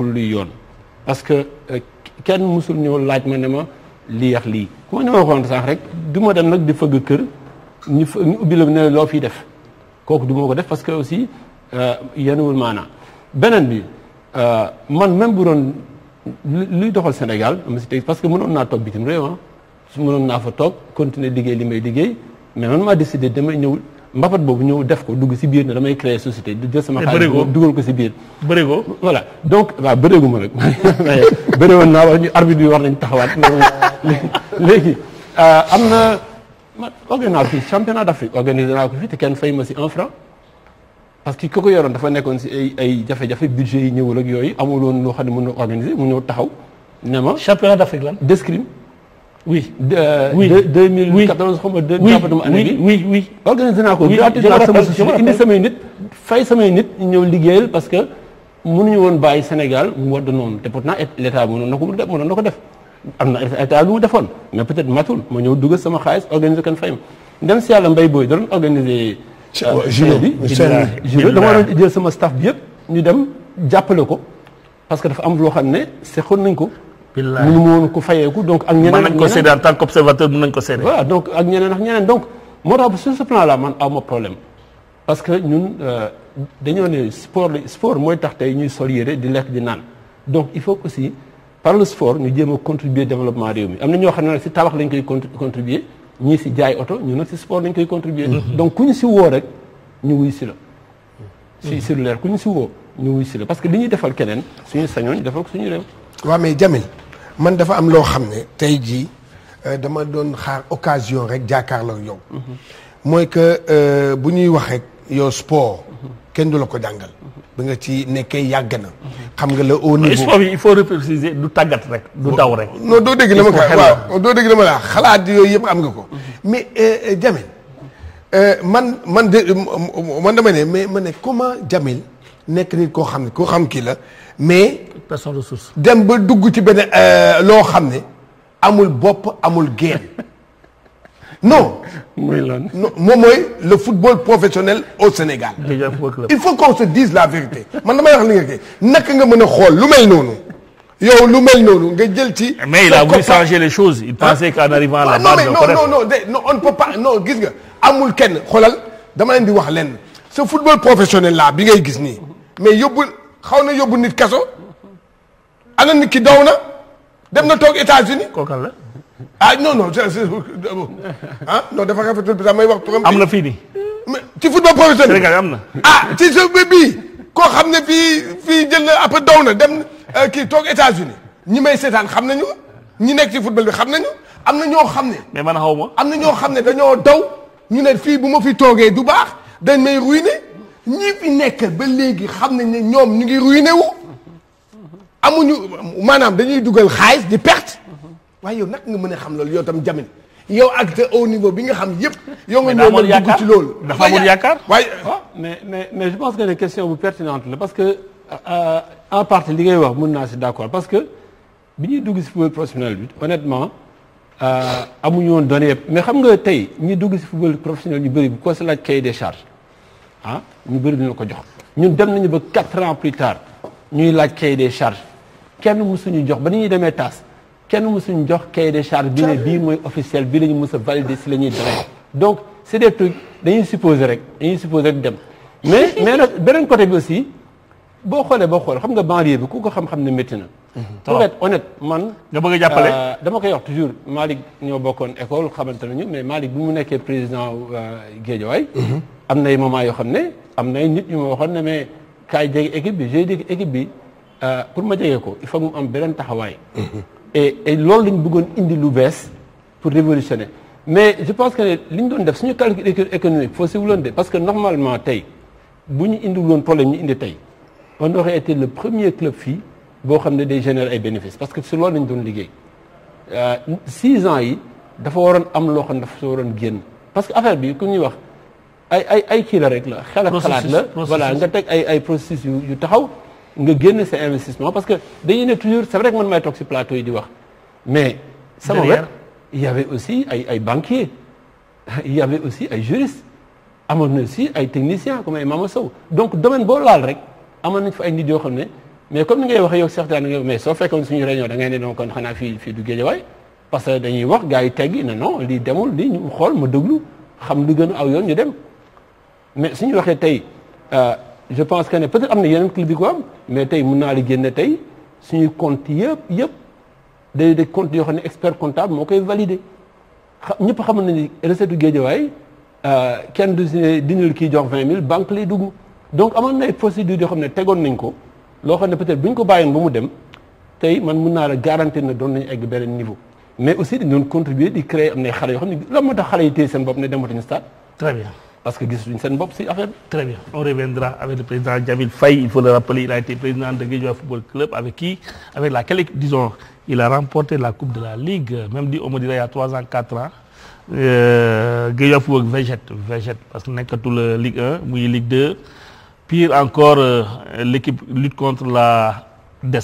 nekkul luy yoon parce que euh, kenn mësul ñëw laaj ma ne ma lii yax lii ku ma ne ma waxoon rek du ma dem nag di fëgg kër ñu ñu ubbi la ne loo fiy def kooku du ko def parce que aussi euh, yenuwul maanaa beneen bi euh, man même bu doon luy doxal Sénégal am si teg parce que mënoon naa toog bitim réew ah. su mënoon naa fa toog continuer liggéey li may liggéey mais man maa décidé damay ñëw mbapat boobu ñëw def ko dugg si biir ne damay créer société di jël sama xaalis dugal ko si biir bërigo voilà donc waaw bërigo ma nag bëri woon naa wax ñu arbitre yi war nañ taxawaat léegi euh, am na man organisé naa ko fii championnat d'Afrique organisé naa ko fii te kenn fay ma si un franc parce que ku ko yoroon dafa nekkoon si ay ay jafe-jafe budget yi ñëwul ak yooyu amuloon loo xam ne mën na mu ñëw taxaw ne ma championnat d'Afrique lan d'escrime oui de euh, oui de 2014 xaw ma 2014 année bi oui oui organisé naa ko. oui jëlaat sama société indi samay nit. fay samay nit ñëw liggéeyal parce que mënuñu woon bàyyi Sénégal mu war de noonu te pourtant l' état mënoon na ko mënoon na ko def. am na état lu mu defoon mais peut-être matul ma ñëw dugg sama xaalis organiser kan fay ma dem si yàlla mbay booy doon organiser. Euh, juillet bi juillet dama doon jël sama staff bi yëpp ñu dem jàppale ko parce que dafa am loo xam ne seqoon nañ ko. billaay mënu ma ko fayeeku donc ak ñeneen mën nañ ko seede en tant qu'observateur mën nañ ko seede voilà donc ak ñeneen ak ñeneen donc moo tax sur ce plan là awma problème parce que ñun euh, dañoo ne sport sport mooy tax tey ñuy sol yére di lekk di naan donc il faut aussi par le sport ñu jéem a contribuer développement réew mi am na ñoo xam ne nag si tabax lañ koy contribuer ñii si jaay oto ñu nag si sport lañ koy contribuer mm-hmm. donc ku ñu si woo rek ñu wuy si la si cellulaire ku ñu si woo ñu wuy si la parce que li ñuy defal keneen suñu sañoon ñu defal ko suñu réew waaw mais Jamil man dafa am loo xam ne tey jii euh, dama doon xaar occasion rek jàkkaarloo yow. Mhm. mooy que euh, bu ñuy wax rek yow sport. Mhm. kenn du la ko jàngal. Mhm. bi nga ci nekkee yàgg na. xam nga la au niveau sport bi il du tàggat rek. du daw rek. non doo dégg ma ko waaw doo dégg ma laa xalaat yooyu yëpp am nga ko. mais euh, Jamil man man de man dama ne mais ma ne comment Jamil. nekk nit koo xam ne koo xam kii la mais. personne ressource. dem ba dugg ci benn euh, loo xam ne amul bopp amul geen non. muy lan non moom mooy le football professionnel au Sénégal. il faut qu'on se dise la vérité man damay wax li nga kii naka nga mën a xool lu mel noonu. yow lu mel noonu nga jël ci. Eh, mais il a voulu changer les choses. il pensait qu'en arrivant à la base. Ah, non non non non on ne peut pas non gis nga amul kenn xoolal dama leen di wax lenn. sa football professionnel laa bi ngay gis nii mais yóbbu xaw na yóbbu nit kaso na nit ki daw na dem na toog États-Unis kookal la ah non non ah non dafa rafetul bi sax may wax turam am na fii nii ci football professionnel Sénégal am na ah ci sa bii koo xam ne fii fii jël na après daw na dem euh, kii toog États-Unis ñi may seetaan xam nañu ñi nekk ci football bi xam nañu am na ñoo xam ne mais man xaw ma am na ñoo xam ne dañoo daw ñu ne fii bu ma fi toogee du baax dañ may ruiné ñi fi nekk ba léegi xam nañ ne ñoom ñu ngi ruiné wu amuñu maanaam dañuy dugal xaalis di perte waaye yow nag nga mën a xam loolu yow tam jamin yow ak te au niveau bi nga xam yëpp. yow nga ñëw mën dugg ci loolu. dafa amul yaakaar waaye ah, mais mais mais je pense que ne question bu pertinente la parce que euh, en partie li ngay wax mën naa si d'accord parce que bi ñuy dugg si football professionnel bi honnêtement euh, amuñu woon données yëpp mais xam nga tey ñi dugg si football professionnel ñu bëri bu ko si laaj cahier ah ñu bëri dina ko jox ñun dem nañu ba quatre ans plus tard ñuy laaj cahier des charges kenn mësuñu jox ba ni ñuy demee taas kenn mësuñu jox cahier des charges bi ne bii mooy officiel bi la ñu mës a si la ñuy demee donc c'est des trucs dañuy supposer rek dañuy supposer rek dem mais mais beneen côté bi aussi boo xoolee boo xool xam nga banlieue bi ku ko xam-xam ne métti na mhm. pour être honnête man nga bëgg a euh, dama koy wax toujours Malick ñoo bokkoon école xamante ñu mais Malick bi mu nekkee président euh, Guédiawaye mhm. am nay moment yoo xam ne am nay nit ñu ma waxoon ne mais kaay jege équipe bi j'ai dit équipe euh, pour ma jege ko il faut mu am beneen taxawaay. Mm-hmm. et lool loolu lañ bëggoon indi lu bees pour révolutionner mais je pense que li ñu doon def suñu calcul économique foo si wuloon de parce que normalement tey bu ñu indi wuloon problème ñu indi tey on aurait été le premier club fii boo xam ne day générer ay bénéfices parce que si lool lañ doon liggéey euh, six ans yi dafa waroon am loo xam ne dafa waroon génn parce que affaire bi ku ñuy wax. ay ay ay kii rek la xel ak la voilà nga teg ay ay processus yu taxaw nga génn sa investissement parce que dañuy ne toujours c'est vrai que man may toog ci plateau yi di wax mais sama wet il aussi ay ay banquiers il y avait aussi ay juristes amoon na aussi ay techniciens comme ay Mama Sow donc domaine boo laal rek amoon nañ fa ay nit yoo xam ne mais comme ni ngay waxee yow Cheikh Tidiane nga mais soo fekkoon suñu réunion da ngay ne donc kon xanaa fii fii du géejawaay parce que dañuy wax gars yi teggi ne non lii demul lii xool ma déglu xam lu gën aw yoon ñu dem mais suñu waxee tey euh, je pense que ne peut-être am na yeneen club yi ko am mais tey mun naa la génne tey suñuy compte yëpp yëpp day des comptes yoo xam ne expert comptable moo koy validé xa ñëpp xam nañu ni recette Géejawaay euh, kenn du si ne dinul kii jox vingt mille banque lay dugg donc amoon na ay procédures yoo xam ne tegoon nañ ko loo xam ne peut-être bu ñu ko bàyyoon ba mu dem tey man mun naa la garantir ne doon nañu egg beneen niveau mais aussi dañu doon contribuer moo tax xale yi téye seen bopp ne dematuñu stade. très parce que gis nañ seen bopp si affaire très bien on reviendra avec le président Djibril Faye il faut le rappeler il a été président de Guédiawaye Football Club avec qui avec laquelle disons il a remporté la coupe de la ligue même di on me il y a ans quatre ans euh, Guédiawaye Football végète parce que nekkatul euh, Ligue 1 muy Ligue 2 pire encore euh, l'équipe lutte contre la